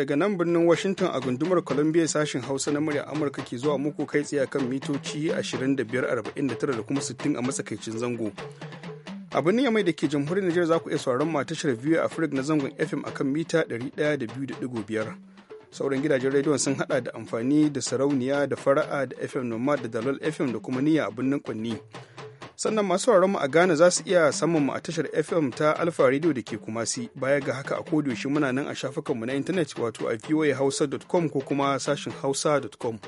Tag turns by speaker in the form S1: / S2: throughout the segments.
S1: daga nan birnin Washington a gundumar Columbia sashen Hausa na murya Amurka ke zuwa muku kai tsaye kan mitoci 2549 da kuma 60 a matsakaicin zango. A birnin mai da ke jamhuriyar Nijar za ku iya sauraron ma tashar a Afirka na zangon FM akan mita 102.5. Sauran gidajen rediyon sun hada da amfani da sarauniya da fara'a da FM Nomad da Dalol FM da kuma niyya a birnin Kwanni. sannan masu mu a Ghana za su iya samun mu a tashar FM ta Alfa Radio da ke Kumasi baya ga haka a shi muna nan a shafukanmu na intanet wato a voahausa.com ko kuma sashin hausa.com.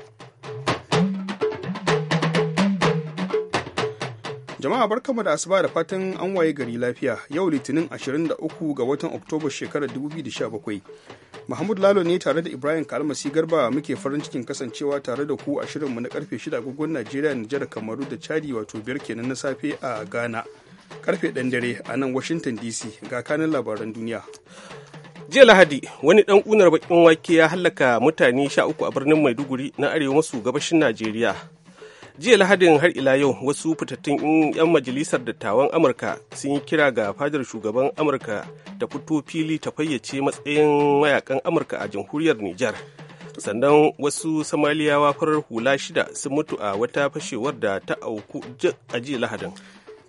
S1: Jama'a barkamu da asuba da fatan an waye gari lafiya yau litinin 23 ga watan Oktoba shekarar 2017. mahmud Lalo ne tare da Ibrahim Kalmasi Garba muke farin cikin kasancewa tare da ku a shirinmu na karfe 6 agogon Najeriya, Nijar, Kamaru da Chadi wato biyar kenan na safe a Ghana. Karfe ɗan dare a nan Washington DC ga kanin labaran duniya.
S2: jiya lahadi wani dan unar bakin wake ya halaka mutane 13 a birnin maiduguri na arewa maso gabashin najeriya jiya lahadin har ila yau wasu fitattun 'yan majalisar dattawan amurka sun yi kira ga fadar shugaban amurka ta fito fili ta fayyace matsayin mayakan amurka a jamhuriyar nijar sannan wasu samaliyawa farar hula shida sun mutu a wata fashewar da ta auku a jiya lahadin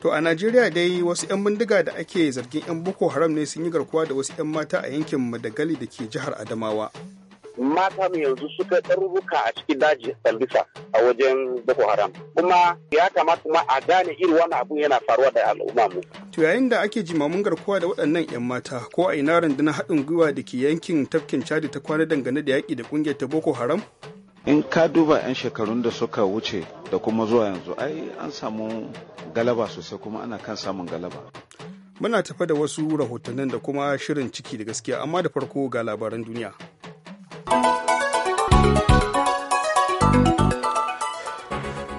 S1: to a najeriya dai wasu 'yan bindiga da ake zargin 'yan boko haram ne sun yi garkuwa da wasu 'yan mata a yankin madagali da ke jihar adamawa
S3: mata mu yanzu suka ɗarurruka a cikin daji sambisa a wajen boko haram kuma ya kamata kuma a gane irin wannan abun yana faruwa da al'umma mu
S1: to yayin da ake jimamin garkuwa da waɗannan 'yan mata ko a ina rundunar haɗin gwiwa da ke yankin tafkin cadi ta kwana dangane da yaƙi da ƙungiyar ta boko haram
S4: in ka duba 'yan shekarun da suka wuce da kuma zuwa yanzu ai an samu
S1: galaba sosai
S4: kuma ana kan samun galaba
S1: muna tafa da wasu rahotannin da kuma shirin ciki da gaskiya amma da farko ga labaran duniya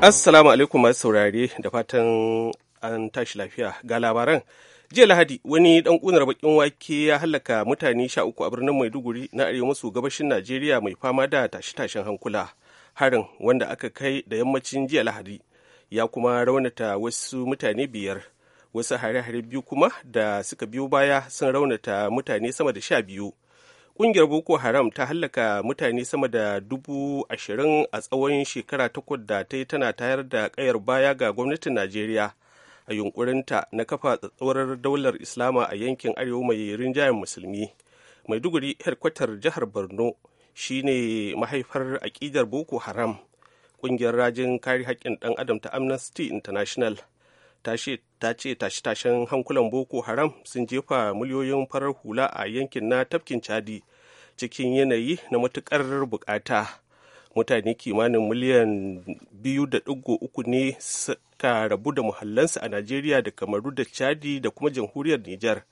S2: Assalamu alaikum masu saurare da fatan an tashi lafiya ga labaran. Jiya Lahadi wani ɗan ƙunar bakin wake ya halaka mutane sha uku a birnin Maiduguri na arewa maso gabashin Najeriya mai fama da tashe-tashen hankula. Harin wanda aka kai da yammacin jiya Lahadi ya kuma raunata wasu mutane biyar. Wasu hare-hare biyu kuma da suka biyo baya sun raunata mutane sama da sha biyu. Ƙungiyar Boko Haram ta hallaka mutane sama da dubu ashirin a tsawon shekara takwas da ta yi tana tayar da kayar baya ga gwamnatin Najeriya a yunkurinta na kafa tsatsaurar daular Islama a yankin Arewa mai rinjayen Musulmi. Maiduguri herkwatar jihar Borno shine mahaifar aƙidar Boko Haram. Ƙungiyar rajin kare haƙƙin ɗan adam ta Amnesty International ta ce tashe-tashen hankulan boko haram sun jefa miliyoyin farar hula a yankin na tafkin chadi cikin yanayi na matukar bukata mutane kimanin miliyan 2.3 ne suka rabu da muhallansu a najeriya da kamaru da chadi da kuma jamhuriyar niger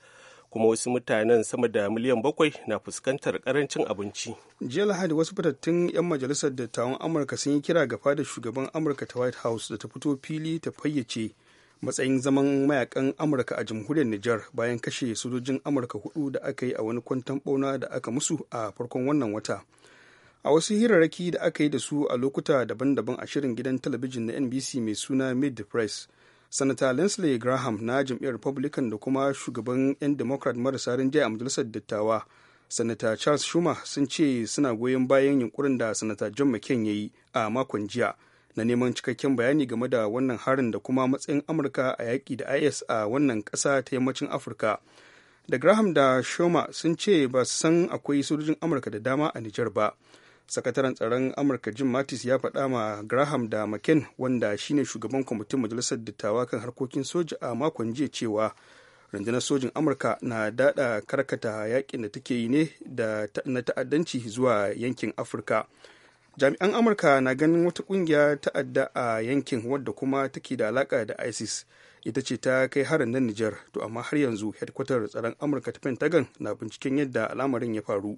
S2: kuma wasu mutanen sama da miliyan bakwai na fuskantar karancin abinci.
S1: jiya lahadi wasu fitattun 'yan majalisar dattawan amurka sun yi kira ga fadar shugaban amurka ta white house da ta fito fili ta fayyace matsayin zaman mayakan amurka a jamhuriyar nijar bayan kashe sojojin amurka hudu da aka yi a wani kwantan bauna da aka musu a farkon wannan wata a wasu hirarraki da aka yi da su a lokuta daban-daban a shirin gidan talabijin na nbc mai suna mid the press sanata Lindsey graham na jam'iyyar republican da kuma shugaban 'yan democrat marasa rinjaye a majalisar dattawa sanata charles schumer sun ce suna goyon bayan yunkurin da sanata john mccain ya yi a makon jiya na neman cikakken bayani game da wannan harin da kuma matsayin amurka a yaƙi da is a wannan ƙasa ta yammacin afirka da graham da shoma sun ce ba su san akwai sojojin amurka da dama a nijar ba sakataren tsaron amurka jim mattis ya faɗa ma graham da mccain wanda shine shugaban kwamitin majalisar dattawa kan harkokin soja a makon jiya cewa rundunar sojin amurka na daɗa karkata yakin da take yi ne da na ta'addanci zuwa yankin afirka jami'an amurka na ganin wata kungiya ta'adda a yankin wadda kuma take da alaka da isis ita ce ta kai harin na nijar to amma har yanzu hedkwatar tsaron amurka ta pentagon na binciken yadda al'amarin ya faru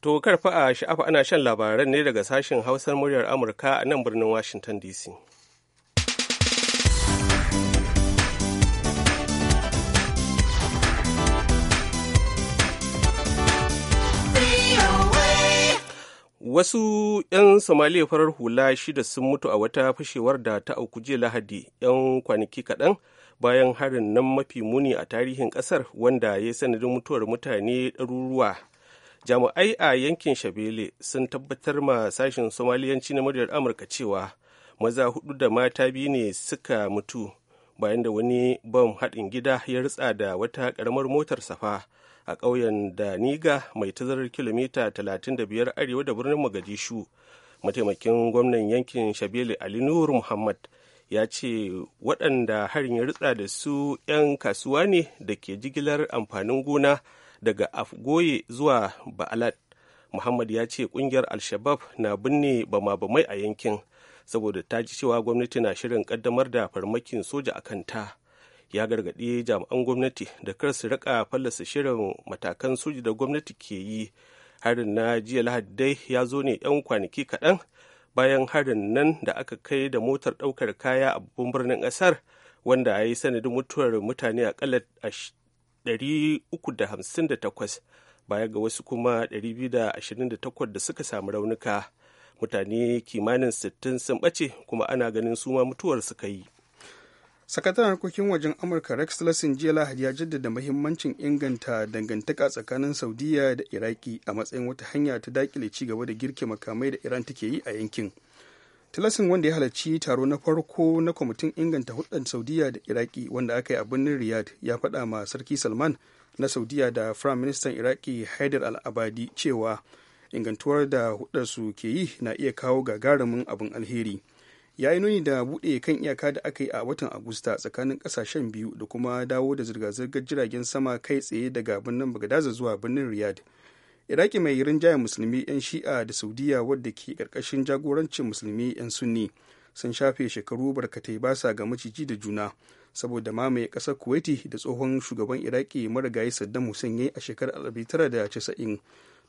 S2: to karfa a sha'afa ana shan labaran ne daga sashen hausar muryar amurka a nan birnin washington dc wasu 'yan somaliya farar hula shida sun mutu a wata fashewar da ta auku jiya lahadi 'yan kwanaki kaɗan bayan harin nan mafi muni a tarihin ƙasar wanda ya sanadin mutuwar mutane ɗaruruwa jami'ai a yankin shabele sun tabbatar ma sashen somaliyanci na muryar amurka cewa maza hudu da mata biyu ne suka mutu bayan da wani bam haɗin gida ya ritsa da wata ƙaramar motar safa a ƙauyen da daniga mai tazarar kilomita 35 arewa da birnin Magadishu, mataimakin gwamnan yankin shabele ali nur muhammad ya ce waɗanda harin ya ritsa da su 'yan kasuwa ne da ke jigilar amfanin gona daga afgoye zuwa ba'alat muhammad ya ce ƙungiyar al-shabab na binne bama-bamai a yankin saboda ta ji cewa gwamnati na shirin ƙaddamar da farmakin soja a kanta ya gargaɗi jami'an gwamnati da kar su rika fallasa shirin matakan soji da gwamnati ke yi harin na jiya lahadi dai ya zo ne 'yan kwanaki kaɗan bayan harin nan da aka kai da motar ɗaukar kaya a babban birnin ƙasar wanda ya yi sanadin mutuwar mutane a akalla 358 baya ga wasu kuma 228 da suka samu raunuka mutane
S1: kimanin 60 sun ɓace kuma ana ganin su ma mutuwar suka yi sakataren harkokin wajen amurka rex tillerson jiya lahadi ya jaddada mahimmancin inganta dangantaka tsakanin saudiya da iraki a matsayin wata hanya ta dakile ci gaba da girke makamai da iran take yi a yankin tillerson wanda ya halarci taro na farko na kwamitin inganta hulɗar saudiya da iraki wanda aka yi a birnin riyadh ya faɗa ma sarki salman na saudiya da firayim ministan iraki haidar al'abadi cewa ingantuwar da hudarsu ke yi na iya kawo gagarumin abin alheri ya yi nuni da buɗe kan iyaka da aka yi a watan agusta tsakanin ƙasashen biyu da kuma dawo da zirga-zirgar jiragen sama kai tsaye daga birnin bagadaza zuwa birnin riyadh iraki mai rinjayen musulmi 'yan shi'a da saudiya wadda ke karkashin jagorancin musulmi 'yan sunni sun shafe shekaru barkatai ba sa ga maciji da juna saboda mamaye ƙasar kuwaiti da tsohon shugaban iraki marigayi saddam hussein ya yi a shekarar 1990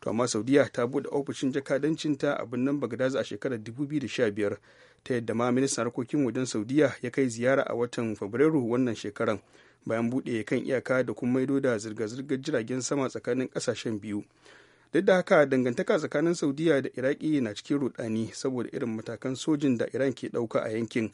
S1: to amma saudiya ta buɗe ofishin jakadancinta a birnin bagdaza a shekarar 2015 ta yadda ma ministan harkokin wajen saudiya ya kai ziyara a watan fabrairu wannan shekaran bayan buɗe kan iyaka da kuma maido da zirga-zirgar jiragen sama tsakanin ƙasashen biyu duk da haka dangantaka tsakanin saudiya da iraki na cikin rudani saboda irin matakan sojin da iran ke ɗauka a yankin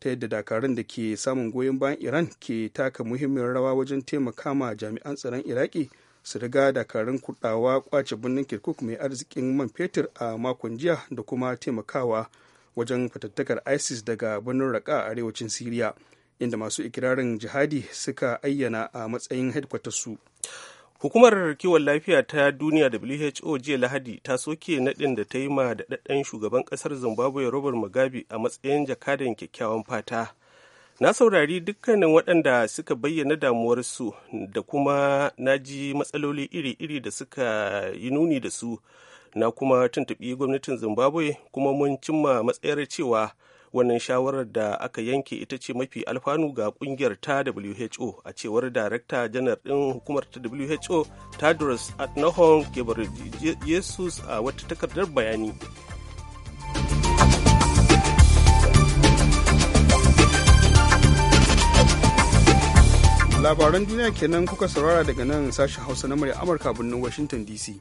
S1: ta yadda dakarun da ke samun goyon bayan iran ke taka muhimmin rawa wajen taimaka ma jami'an tsaron iraki su riga da karin kudawa kwace birnin kirkuk mai arzikin man fetur a makon jiya da kuma taimakawa wajen fatattakar isis daga birnin raka a arewacin siriya inda masu ikirarin jihadi suka ayyana a matsayin su. hukumar kiwon
S2: lafiya ta duniya who jiya lahadi ta soke nadin da ta yi ma daɗaɗɗen shugaban ƙasar zimbabwe robert mugabe a matsayin jakadan kyakkyawan fata na saurari dukkanin waɗanda suka bayyana damuwarsu da kuma na ji matsaloli iri-iri da suka yi nuni da su na kuma tuntuɓi gwamnatin zimbabwe kuma mun cimma matsayar cewa wannan shawarar da aka yanke ita ce mafi alfanu ga kungiyar ta who a cewar darakta janar ɗin hukumar ta who tadros kebar ghebreyesus a wata takardar bayani
S1: labaran duniya kenan kuka saurara daga nan sashen hausa na murya amurka birnin washington dc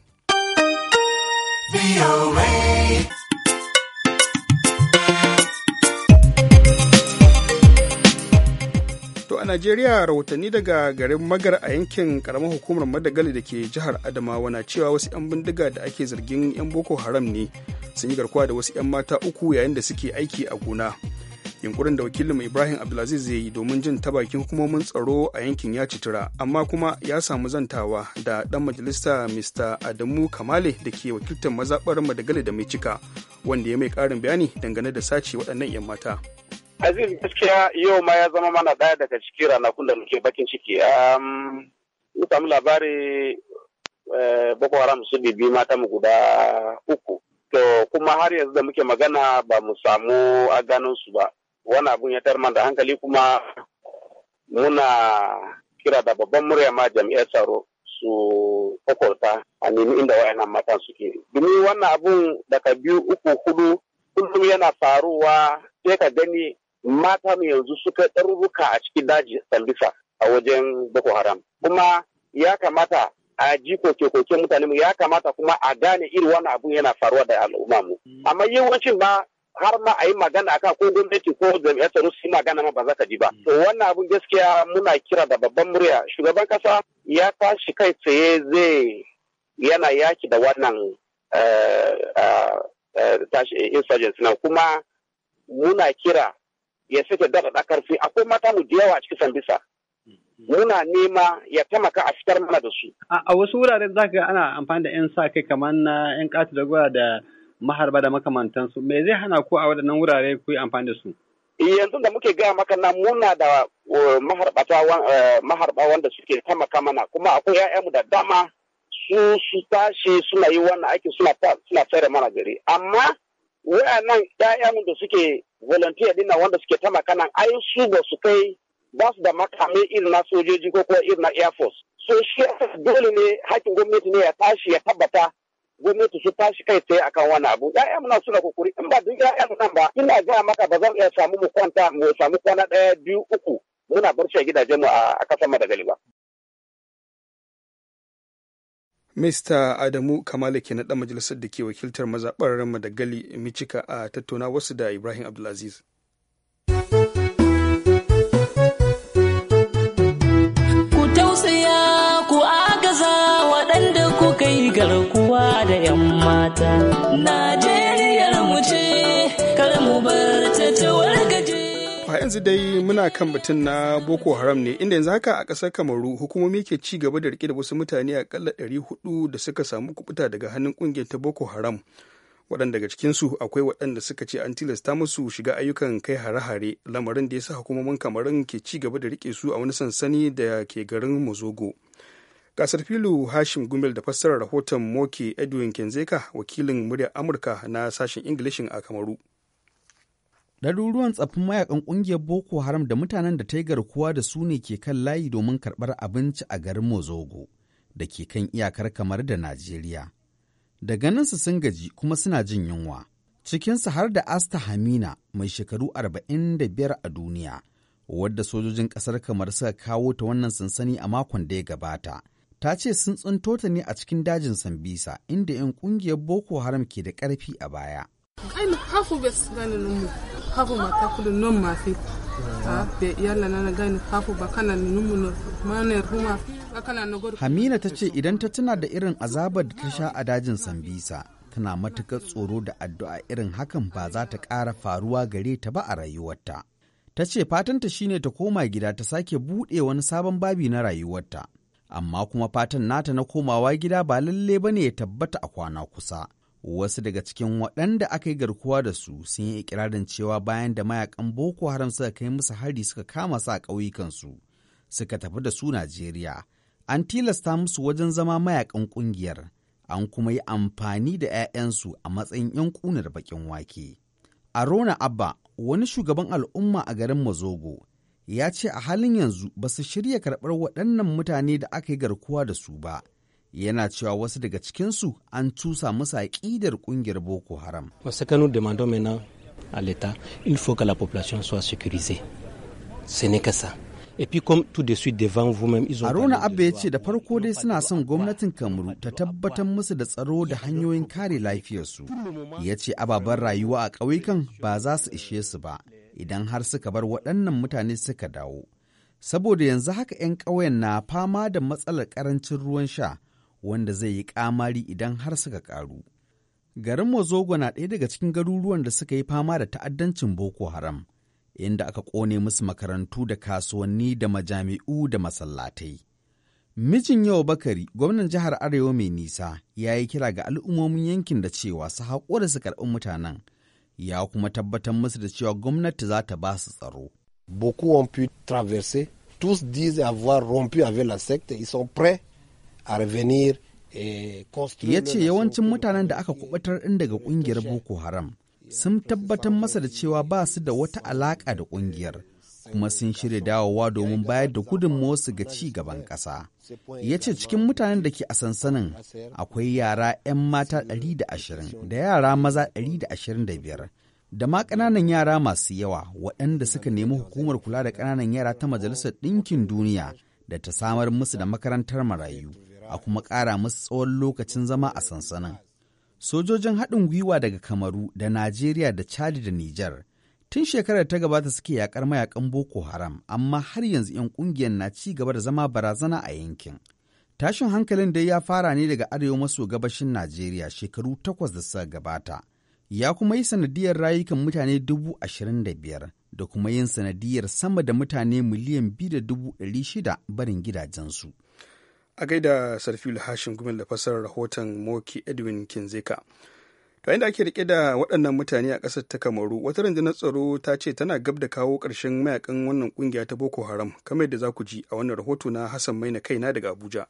S1: To a Najeriya rahotanni daga garin Magar a yankin karamar hukumar Madagali da ke jihar Adamawa na cewa wasu 'yan bindiga da ake zargin 'yan Boko Haram ne sun yi garkuwa da wasu 'yan mata uku yayin da suke aiki a gona. yunkurin da wakilinmu ibrahim abdulaziz zai yi domin jin ta bakin hukumomin tsaro a yankin ya citira amma kuma ya samu zantawa da dan majalisa mr adamu kamale da ke wakiltar mazaɓar madagali da mai cika wanda ya mai ƙarin bayani dangane da sace waɗannan 'yan mata
S3: aziz gaskiya yau ma ya zama mana daya daga cikin ranakun da muke bakin ciki mun samu labari eh, boko haram su bibi mata mu guda uku to kuma har yanzu da muke magana ba mu samu a ganin su ba wani abun ya tarman da hankali kuma muna kira da babban murya ma jami'ar tsaro su kwakwalta a nemi inda wayannan matan suke domin wannan abun daga biyu uku hudu kullum yana faruwa sai ka gani mata yanzu suka ɗaruruka a cikin daji sambisa a wajen boko haram kuma ya kamata a ji koke-koke mutane mu ya kamata kuma a gane irin wannan abun yana faruwa da al'umma mu amma yawancin ba har ma a yi magana akan ko gwamnati ko jami'ar tsaro su yi magana ma ba za ka ji ba. To wannan abun gaskiya muna kira da babban murya shugaban kasa ya tashi kai tsaye zai yana yaki da wannan eh, eh, eh, insurgency na kuma muna kira ya sake daɗaɗa karfi akwai mata mu da yawa cikin sambisa. muna nema ya taimaka a fitar mana da su.
S5: A wasu wuraren za ka ana amfani da 'yan sa kai kamar na 'yan ƙasa da da maharba da makamantansu me zai
S2: hana ku a waɗannan wurare ku yi amfani da su
S3: eh, yanzu da muke gaya maka nan muna da eh, maharbata eh, maharba wanda suke taimaka mana kuma akwai ƴaƴanmu da dama su su tashi suna yi wannan aiki suna suna tsare mana gari amma wayannan ƴaƴanmu da suke volunteer din wanda suke taimaka nan ai su ba su kai ba su da makami irin na sojoji ko kuma irin na air force so shi dole ne hakkin gwamnati ne ya tashi ya tabbata gwamnati su tashi kai tsaye akan wani abu ya'ya muna suna kukuri in ba duk ya'ya nan ba ina gaya maka ba zan iya samu mu kwanta mu samu kwana ɗaya biyu uku muna barci a gidajen mu a kasan madagali ba.
S1: Mista Adamu Kamala ke ɗan majalisar da ke wakiltar mazaɓar Madagali Michika a tattauna wasu da Ibrahim Abdulaziz. najeriyar mu ce mu bar ta yanzu dai muna kan batun na boko haram ne inda yanzu haka a kasar kamaru hukumomi ke ci gaba da rike da wasu mutane a ɗari 400 da suka samu kubuta daga hannun ƙungiyar ta boko haram waɗanda daga cikinsu akwai waɗanda suka ce an tilasta musu shiga ayyukan kai hare-hare lamarin da ya sa hukumomin kamarun ke ci gaba da rike su a wani sansani da ke garin mozogo gasar filu hashim gumel da fassarar rahoton moke edwin kenzeka wakilin muryar amurka na sashen ingilishin a kamaru
S6: ɗaruruwan tsafin mayakan ƙungiyar boko haram da mutanen da ta yi garkuwa da su ne ke kan layi domin karɓar abinci a garin mozogo da ke kan iyakar kamar da najeriya da ganinsu sun gaji kuma suna jin yunwa cikinsu har da asta hamina mai shekaru 45 a duniya wadda sojojin ƙasar kamar suka kawo ta wannan sansani a makon da ya gabata ta ce sun tsinto ta ne a cikin dajin Sambisa inda 'yan kungiyar Boko Haram ke da karfi a baya.
S1: Kaina Hamina ta ce
S6: idan ta tuna da irin azabar da ta sha a dajin Sambisa, tana matuƙar tsoro da addu'a irin hakan ba za ta ƙara faruwa gare ta ba a rayuwarta. Ta ce fatanta shine ta koma gida ta sake buɗe wani sabon babi na rayuwarta. amma kuma fatan nata na komawa gida ba lalle ba ne ya tabbata a kwana kusa. Wasu daga cikin waɗanda aka yi garkuwa da su sun yi ikirarin cewa bayan da mayakan Boko Haram suka kai musu hari suka kama su a ƙauyukansu suka tafi da su Najeriya. An tilasta musu wajen zama mayakan ƙungiyar, an kuma yi amfani da 'ya'yansu a matsayin 'yan ƙunar baƙin wake. Arona Abba, wani shugaban al'umma a garin Mazogo, ya ce a halin yanzu ba su shirya karɓar waɗannan mutane da aka yi garkuwa da su ba. Yana cewa wasu daga cikinsu an tusa musu ƙidar ƙungiyar Boko Haram. Sakanu demandons maintenant a leta il faut que la population soit sécurisée. Ce n'est que ça. Abba ya ce da farko dai suna son gwamnatin Kamaru ta tabbatar musu da tsaro da hanyoyin kare lafiyarsu. Ya ce ababen rayuwa a ƙauyukan ba za su ishe su ba. idan har suka bar waɗannan mutane suka dawo. Saboda yanzu haka 'yan ƙauyen na fama da matsalar ƙarancin ruwan sha wanda zai yi ƙamari idan har suka ƙaru. Garin Mozogo na ɗaya daga cikin garuruwan da suka yi fama da ta'addancin Boko Haram, inda aka ƙone musu makarantu da kasuwanni da majami'u da masallatai. Mijin yau Bakari, gwamnan jihar Arewa mai nisa, ya yi kira ga al'ummomin yankin da cewa su haƙura su karɓi mutanen. ya kuma tabbatar musu da cewa gwamnati za ta ba su tsaro. Beaucoup ont pu traverser, tous disent avoir rompu avec la secte, ils sont prêts à revenir ya ce yawancin mutanen da aka kubutar ɗin daga ƙungiyar boko haram sun tabbatar masa da cewa ba su da wata alaƙa da ƙungiyar kuma sun shirya dawowa domin bayar da gudunmawarsu ga ci gaban ƙasa. Ya ce cikin mutanen da ke a sansanin akwai yara 'yan mata 120 da yara maza 125 da ma ƙananan yara masu yawa waɗanda suka nemi hukumar kula da ƙananan yara ta Majalisar Ɗinkin Duniya da ta samar musu da makarantar marayu a kuma ƙara musu tsawon lokacin zama a sansanin. Sojojin haɗin gwiwa daga Kamaru da Najeriya da Chad da Nijar tun shekarar ta gabata suke yakar mayakan boko haram amma har yanzu 'yan kungiyar na ci gaba da zama barazana a yankin tashin hankalin dai ya fara ne daga arewa maso gabashin najeriya shekaru takwas da suka gabata ya kuma yi sanadiyar rayukan mutane dubu ashirin da biyar da kuma yin sanadiyar sama da mutane miliyan biyu da
S1: dubu ɗari shida barin gidajensu a gaida sarfil hashin gumin da fasarar rahoton moki edwin kinzeka to inda ake rike da waɗannan mutane a ƙasar ta kamaru wata rundunar tsaro ta ce tana gab da kawo ƙarshen mayakan wannan ƙungiya ta boko haram kamar da za ku ji a wannan rahoto na hassan maina kaina daga abuja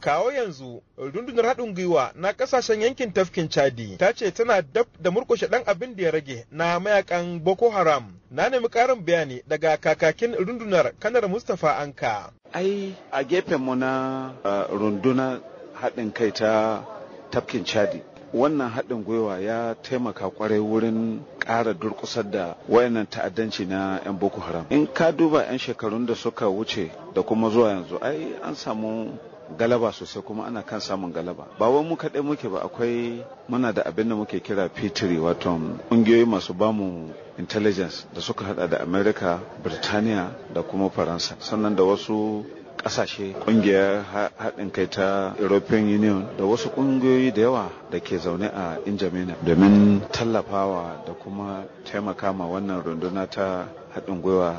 S1: kawo yanzu rundunar haɗin gwiwa na ƙasashen yankin tafkin chadi ta ce tana dab da murkushe ɗan abin da ya rage
S7: na mayakan boko haram na nemi ƙarin bayani daga kakakin rundunar kanar mustapha anka
S4: ai a gefenmu na runduna eh, rundunar haɗin kai ta tafkin chadi wannan haɗin gwiwa ya taimaka kwarai wurin ƙara durƙusar da wayannan ta'addanci na 'yan boko haram in ka duba 'yan shekarun da suka wuce da kuma zuwa yanzu ai an samu galaba sosai kuma ana kan samun galaba ba wai mu kaɗai muke ba akwai muna da abin da muke kira fitiri wato ƙungiyoyi masu bamu intelligence da suka hada da america birtaniya da kuma faransa sannan da wasu ƙasashe ƙungiyar haɗin kai ta European Union da wasu ƙungiyoyi da yawa da ke zaune a Injamina domin tallafawa da kuma taimaka ma wannan runduna ta haɗin gwiwa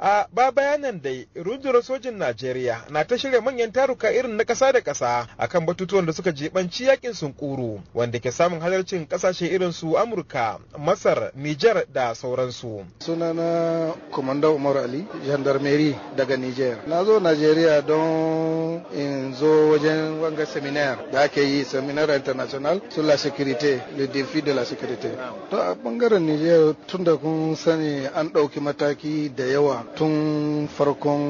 S7: a ba bayanan dai rundunar sojin najeriya na ta shirya manyan taruka irin na ƙasa da ƙasa
S4: akan batutuwan da suka
S7: jibanci yakin sunkuru wanda ke samun halarcin ƙasashe irin su amurka masar niger da sauransu
S1: sunana komanda umar ali gendarmerie daga niger na zo najeriya don in zo wajen wanga seminar da ake yi seminar international sur la sécurité le défi de la sécurité to a bangaren niger tun da kun sani an ɗauki mataki da yawa tun farkon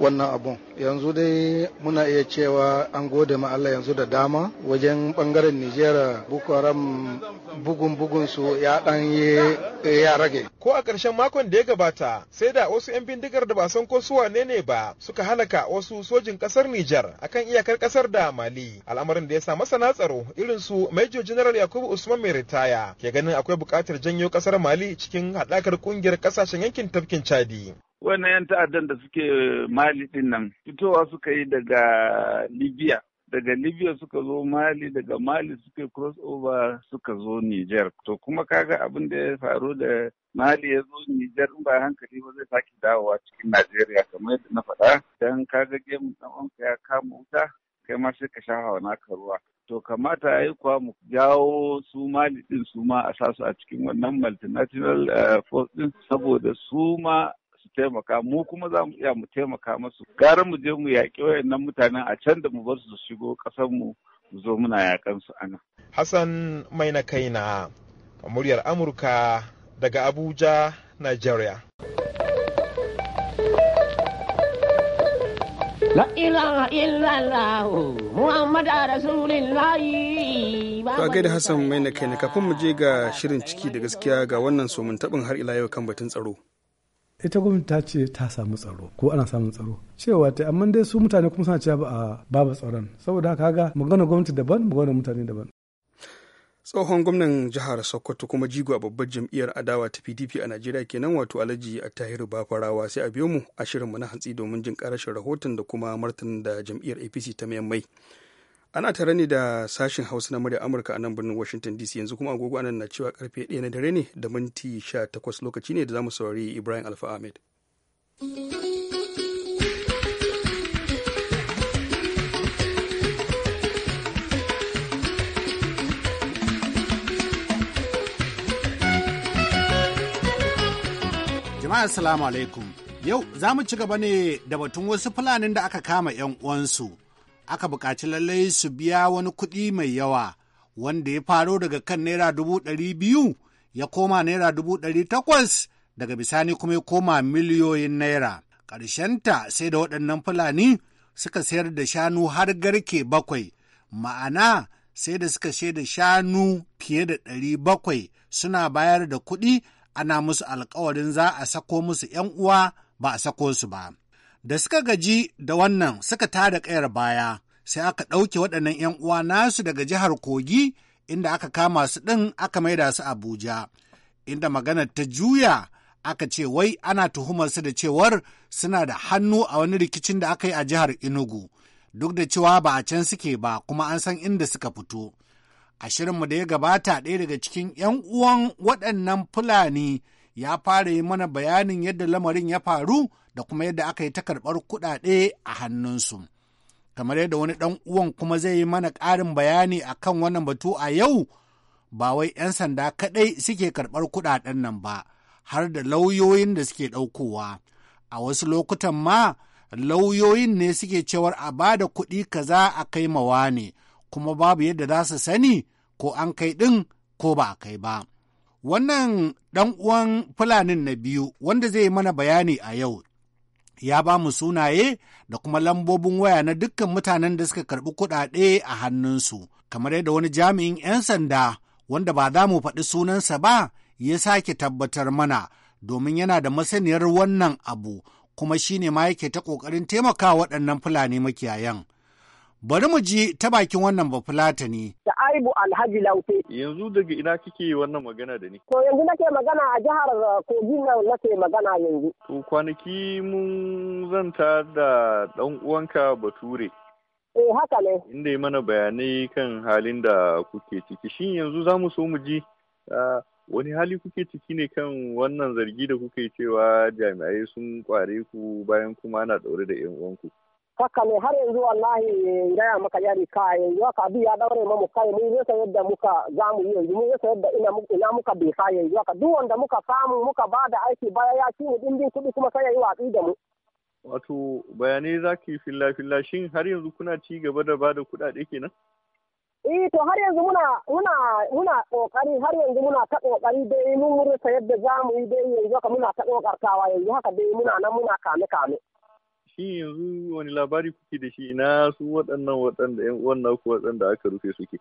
S1: wannan abun yanzu dai muna iya cewa an gode ma Allah yanzu da dama wajen bangaren Nijera Boko Haram bugun bugun su ya dan
S7: ya rage. Ko a ƙarshen makon da ya gabata sai da wasu 'yan bindigar da ba san ko su wane ne ba suka halaka wasu sojin ƙasar Nijar akan iyakar ƙasar da Mali. Al'amarin da ya sa masana tsaro irin su Major General Yakubu Usman mai ritaya ke ganin akwai buƙatar janyo ƙasar Mali cikin haɗakar ƙungiyar ƙasashen yankin tafkin Chadi.
S4: wannan 'yan ta'addan da suke mali dinnan. fitowa suka yi daga libya daga libya suka zo mali daga mali suka cross over suka zo niger to kuma kaga abin da ya faru da mali ya zo niger ba hankali ba zai sake dawowa cikin najeriya kamar yadda na faɗa don kaga gemun ɗan ya kama wuta kai ma sai ka sha hawa naka ruwa to kamata ya yi kuwa mu jawo su mali din su ma a sasu a cikin wannan multinational eh, force ɗin saboda su ma taimaka mu kuma za mu iya mu taimaka masu gara mu je mu yaƙi wayannan mutanen a can da mu bar su shigo ƙasar mu mu zo muna yaƙan su ana
S7: Hassan mai na kaina muryar Amurka daga Abuja Nigeria
S8: La ilaha illallah Muhammad gaida Hassan
S1: mai na kaina kafin mu je ga shirin ciki da gaskiya ga wannan somin taɓin har ila yau kan batun tsaro.
S3: ita gwamnati ta ce ta samu tsaro ko ana samun
S1: tsaro cewa ta amma dai su mutane kuma suna cewa ba a babu tsaron saboda haka ga magana gwamnati daban magana mutane daban tsohon gwamnan jihar sokoto kuma jigo a babbar jam'iyyar adawa ta pdp a najeriya kenan wato alhaji a tahiru bafarawa sai a biyo mu a shirinmu na hantsi domin jin karashin rahoton da kuma martanin da jam'iyyar apc ta mayan mai ana tare ne da sashen hausa na murya amurka a nan birnin washington dc yanzu kuma agogo anan na cewa karfe 1 na dare ne da minti sha 18 lokaci ne da zamu saurari ibrahim alfa ahmed
S5: jama'a assalamu alaikum yau za mu ci gaba ne da batun wasu fulanin da aka kama 'yan uwansu aka buƙaci lallai su biya wani kuɗi mai yawa wanda ya faro daga kan naira dubu ɗari biyu ya koma naira dubu ɗari takwas daga bisani kuma ya koma miliyoyin naira ƙarshenta sai da waɗannan fulani suka sayar da shanu har garke bakwai ma'ana sai da suka shaida shanu fiye da ɗari bakwai suna bayar da kuɗi ana musu alkawarin za a sako musu ‘yan uwa ba a sako su ba. Da suka gaji da wannan suka tada kayar baya, sai aka ɗauke waɗannan 'yan uwa nasu daga jihar Kogi inda aka kama su ɗin aka maida su Abuja, inda maganar ta juya aka ce wai ana tuhumar su da cewar suna da hannu a wani rikicin da aka yi a jihar inugu duk da cewa ba a can suke ba kuma an san inda suka fito. A shirinmu da ya gabata ɗaya daga cikin 'yan uwan waɗannan Fulani ya fara yi mana bayanin yadda lamarin ya faru da kuma yadda aka yi ta karɓar kuɗaɗe a hannunsu. Kamar yadda wani ɗan uwan kuma zai yi mana ƙarin bayani a kan wannan batu a yau, ba wai 'yan sanda kaɗai suke karɓar kuɗaɗen nan ba, har da lauyoyin da suke ɗaukowa. A wasu lokutan ma, lauyoyin ne suke cewar a ba da kuɗi kaza a kai mawa ne, kuma babu yadda za su sani ko an kai ɗin ko ba a kai ba. Wannan ɗan uwan Fulanin na biyu wanda zai yi mana bayani a yau ya ba mu sunaye da kuma lambobin waya na dukkan mutanen da suka karɓi kuɗaɗe a hannunsu, kamar yadda wani jami'in 'yan sanda wanda ba za mu faɗi sunansa ba ya sake tabbatar mana domin yana da masaniyar wannan abu kuma shi ne ma yake ta ƙoƙarin taimaka waɗannan Fulani makiyayan. Bari mu ji ta bakin wannan bafulata
S8: ne.
S9: Sha'aibu Alhaji Laute. Yanzu daga ina kike wannan magana da ni?
S8: To yanzu nake magana a jihar uh, Kogi nan nake magana yanzu. To kwanaki mun zanta
S9: da ɗan uwanka Bature.
S8: Eh haka ne.
S9: Inda yi mana bayanai kan halin da kuke ciki. Shin yanzu za mu so mu ji uh, wani hali kuke ciki ne kan wannan zargi da kuke cewa jami'ai sun kware ku bayan kuma ana ɗaure da 'yan uwanku.
S8: haka ne har yanzu wallahi gaya maka yari ka yanzu haka abin ya daure mu kai mun yi yadda muka za mu yi yanzu mun yi yadda ina ina muka bai sa yanzu haka duk wanda muka samu muka ba da aiki baya ya ci mu dimbin kuɗi kuma sai ya yi watsi da mu. Wato
S9: bayanai za ki filla filla shin har yanzu kuna ci gaba da ba da kuɗaɗe kenan?
S8: Eh to har yanzu muna muna muna kokari har yanzu muna ta kokari dai mun rusa yadda za mu yi dai yanzu haka muna ta kokartawa yanzu haka dai muna nan muna kame kame.
S9: shi yanzu wani labari kuke da shi na su waɗannan waɗanda yan uwan naku waɗanda aka rufe suke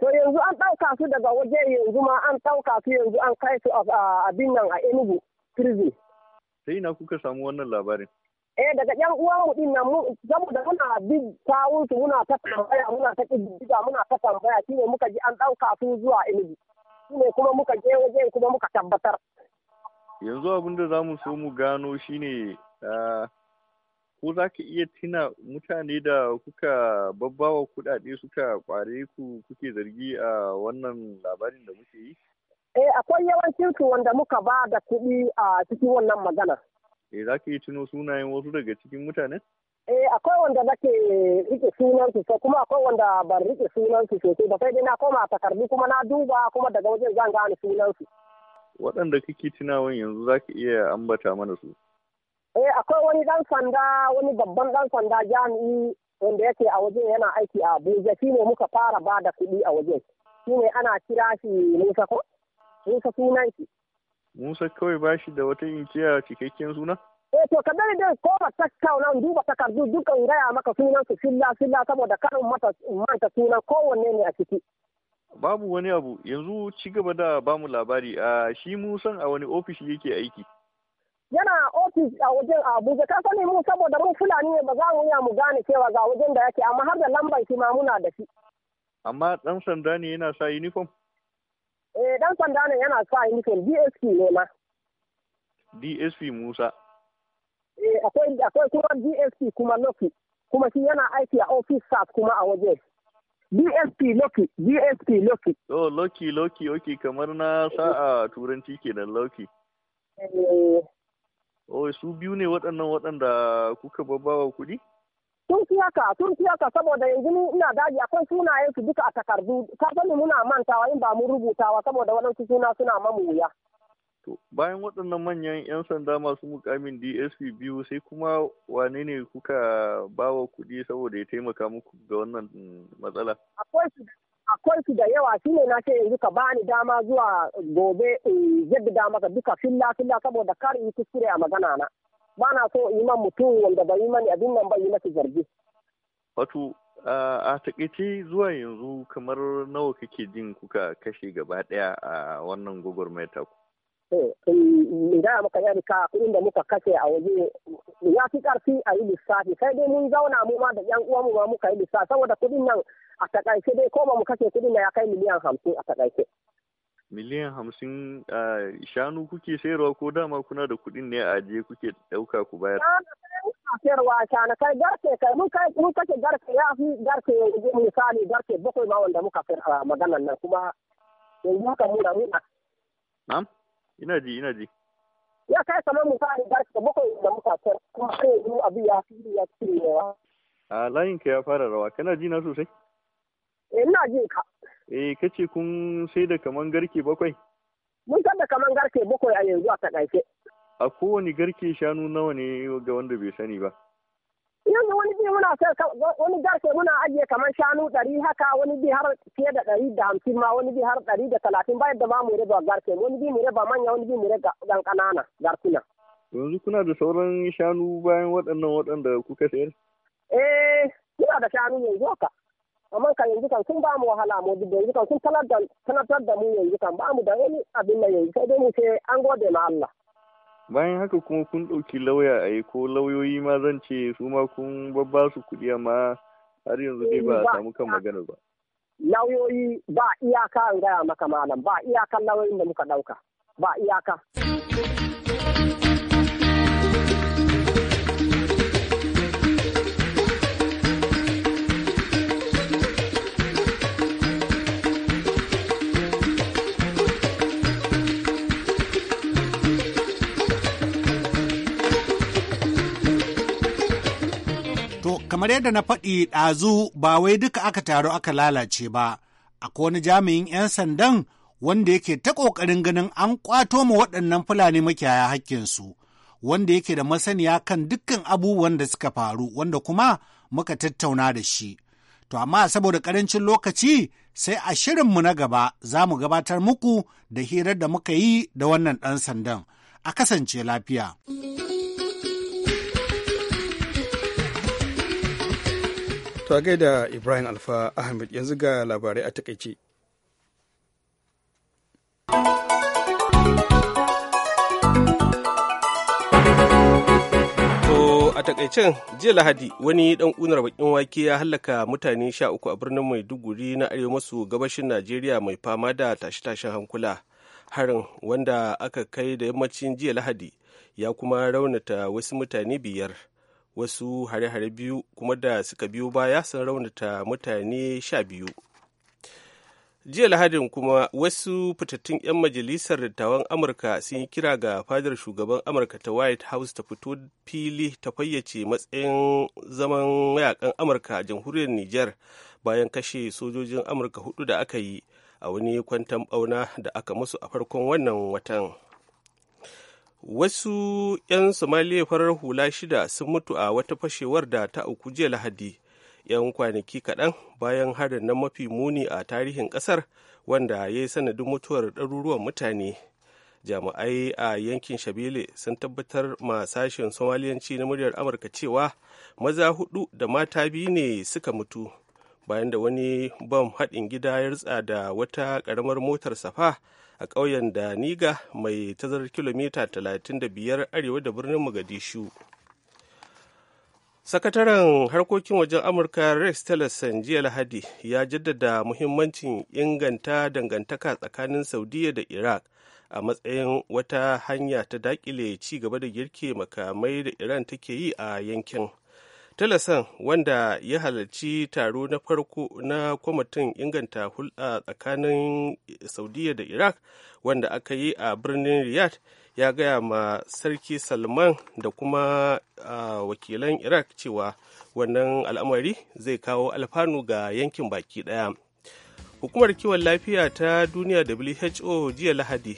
S8: to yanzu an ɗauka su daga waje yanzu ma an ɗauka su yanzu an kai su ah, abin nan a Enugu prison
S9: sai na kuka samu wannan labarin
S8: eh daga yan uwan mu din nan saboda muna bin kawun su muna ta tambaya muna ta kididdiga muna ta tambaya shine muka ji an ɗauka su zuwa Enugu shine kuma muka je waje kuma muka tabbatar
S9: yanzu abin da za mu so mu gano shine ah, ko za ka iya tina mutane da kuka babbawa kuɗaɗe suka kware ku kuke zargi a wannan labarin da muke yi?
S8: Eh akwai yawancin su wanda muka ba da kuɗi a cikin wannan magana.
S9: Eh za ka iya tuno sunayen wasu daga cikin mutanen?
S8: Eh akwai wanda ka rike sunan su kuma akwai wanda ban rike sunan su sosai ba sai dai na koma takardu kuma na duba kuma daga wajen zan gane sunan su.
S9: Waɗanda kake tunawan yanzu za ka iya ambata mana su.
S8: Eh akwai wani dan sanda wani babban dan sanda jami'i wanda yake a waje yana aiki a Abuja shi ne muka fara ba da kuɗi a waje shi ne ana kira shi Musa ko Musa sunan shi.
S9: Musa kawai ba shi da wata inkiya cikakken suna?
S8: Eh to ka bari dai ko ba tattauna duba takardu dukan gaya maka sunan su filla filla saboda karin mata manta sunan kowanne ne a ciki.
S9: Babu wani abu yanzu ci gaba da bamu labari a ah, shi Musan a wani ofishi yake aiki.
S8: yana ofis a wajen Abuja ka sani mu saboda mun Fulani ne ba za mu iya mu gane cewa ga wajen da yake amma har da lambar shi ma muna da shi.
S9: Amma dan sanda ne yana sa uniform?
S8: Eh dan sanda ne yana sa uniform DSP ne ma.
S9: DSP Musa.
S8: Eh akwai akwai kuma DSP kuma Loki kuma shi yana aiki a ofis staff kuma a waje. DSP Loki DSP Loki.
S9: Oh Loki Loki okay kamar na sa'a turanci kenan Loki. Eh Oh, su biyu ne waɗannan waɗanda kuka babbawa kuɗi?
S8: Sun fi sun fi saboda yanzu ni ina daji akwai sunayen su duka a takardu. Ka sani muna mantawa in ba mu rubutawa saboda waɗansu suna suna mamu wuya.
S9: To, bayan waɗannan manyan 'yan sanda masu mukamin DSP biyu sai kuma wane ne kuka bawa kuɗi saboda ya taimaka muku ga wannan matsala?
S8: Akwai akwai su da yawa shi ne na ce yanzu ka bani dama zuwa gobe in jaddada maka duka filla filla saboda kar yi kuskure a magana na ba na so yi man mutum wanda bai yi mani abin nan ba yi masa zargi.
S9: Wato a takaice zuwa yanzu kamar nawa kake jin kuka kashe gaba ɗaya a wannan gwagwarmayar taku?
S8: To, idan muka yi ka kuɗin da muka kashe a waje ya fi ƙarfi a yi lissafi sai dai mun zauna mu ma da ƴan uwanmu ma muka yi lissafi saboda kuɗin nan a takaice dai ko ba mu kashe kuɗin nan ya kai miliyan hamsin a takaice.
S9: Miliyan hamsin shanu kuke sayarwa ko dama kuna da kuɗin ne a ajiye kuke ɗauka ku bayar.
S8: sayarwa shanu kai garke kai mun kai mun kashe garke ya fi garke misali garke bakwai ma wanda muka sayar a maganar nan kuma yanzu haka muna muna.
S9: Na'am. ina ji ina ji
S8: ya kai kamar mu ka barka bakwai da mutatar kuma sai yanzu abu ya fi ya fi yawa
S9: a layin ka ya fara rawa kana ji na sosai
S8: eh ina ji ka
S9: eh kace kun sai da kamar garke bakwai
S8: mun san da kamar garke bakwai a yanzu a
S9: takaice a kowane garke shanu nawa ne ga wanda bai sani ba
S8: yanzu wani bi muna sai wani garke muna ajiye kamar shanu ɗari haka wani bi har fiye da ɗari da hamsin ma wani bi har ɗari da talatin ba yadda ba mu raba garke wani bi mu raba manya wani bi mu raba ɗan ƙanana garkuna.
S9: yanzu kuna da sauran shanu bayan waɗannan waɗanda kuka sayar.
S8: eh kuna da shanu yanzu haka amma kan yanzu kan sun ba mu wahala mu da yanzu kan sun talatar da mu yanzu kan ba mu da wani abin da yanzu sai dai mu sai an gode ma Allah.
S9: bayan haka kuma kun ɗauki lauya a yi ko lauyoyi ma zan ce su ma kun babba su kuɗi amma har yanzu dai ba a samu kan magana ba
S8: lauyoyi ba iyaka an gaya maka malam ba iyakan lauyoyin da muka ɗauka ba iyaka
S5: kamar yadda na faɗi ɗazu ba wai duka aka taru aka lalace ba, akwai wani jami'in 'yan sandan wanda yake ta ƙoƙarin ganin an ƙwato ma waɗannan Fulani makiyaya hakkinsu, wanda yake da masaniya kan dukkan abubuwan da suka faru, wanda kuma muka tattauna da shi. To amma saboda ƙarancin lokaci sai a shirinmu na gaba za mu gabatar muku da hirar da muka yi da wannan ɗan sandan. A kasance lafiya.
S1: To a gaida Ibrahim Alfa Ahmed yanzu ga labarai a takaice.
S2: a takaicen jiya lahadi wani dan kunar bakin wake ya hallaka mutane sha uku a birnin maiduguri na arewa maso gabashin najeriya mai fama da tashe-tashen hankula harin wanda aka kai da yammacin jiya lahadi ya kuma raunata wasu mutane biyar wasu hare-hare biyu kuma da suka biyo baya sun raunata mutane sha biyu jiya lahadin kuma wasu fitattun 'yan majalisar dattawan amurka sun yi kira ga fadar shugaban amurka ta white house ta fito fili ta fayyace matsayin zaman mayakan amurka a jamhuriyar niger bayan kashe sojojin amurka hudu da aka yi a wani kwantan bauna da aka musu a farkon wannan watan wasu 'yan somaliya farar hula shida sun mutu a wata fashewar da ta auku jiya lahadi 'yan kwanaki kaɗan bayan harin na mafi muni a tarihin ƙasar wanda ya yi sanadin mutuwar ɗaruruwan mutane jami'ai a yankin shabele sun tabbatar ma sashen somaliyanci na muryar amurka cewa maza hudu da mata biyu ne suka mutu bayan da wani bam haɗin gida ya rutsa da wata ƙaramar motar safa a ƙauyen da niga mai tazarar kilomita 35 arewa da birnin mogadishu sakataren harkokin wajen amurka rex tillerson jiya lahadi ya jaddada muhimmancin inganta dangantaka tsakanin saudiya da iraq a matsayin wata hanya ta dakile ci gaba da girke makamai da iran take yi a yankin talasan wanda ya halarci taro na farko na kwamitin inganta hulɗa tsakanin saudiya da iraq wanda aka yi a birnin riyadh ya gaya ma sarki salman da kuma wakilan iraq cewa wannan al'amari zai kawo alfanu ga yankin baki ɗaya hukumar kiwon lafiya ta duniya who jiya lahadi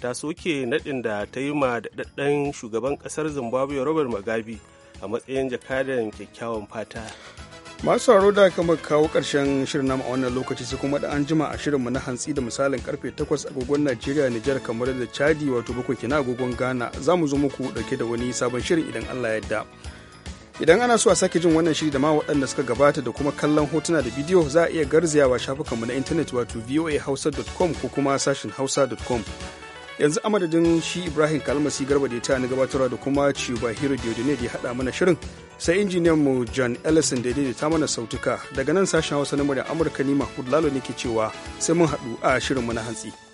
S2: ta soke nadin da ta yi ma daɗaɗɗen shugaban ƙasar zimbabwe robert mugabe a matsayin jakadan kyakkyawan fata
S1: masu haro da kama kawo karshen shirin namu a wannan lokaci sai kuma da an jima a shirinmu na hantsi da misalin karfe 8 agogon najeriya nijar kamar da chadi wato bakwai kina agogon ghana za mu zo muku dauke da wani sabon shirin idan allah ya yarda idan ana so a sake jin wannan shiri da ma waɗanda suka gabata da kuma kallon hotuna da bidiyo za a iya garzayawa shafukanmu na intanet wato voahausa.com ko kuma sashin hausa.com yanzu a shi ibrahim kalmasi garba da ta na gabatarwa da kuma ciba hiro diodone da ya haɗa mana shirin sai injiniyan mu john ellison da ta mana sautuka daga nan sashen hausa na murya amurka ne mahmud lalo ne ke cewa sai mun haɗu a shirin mu na hantsi.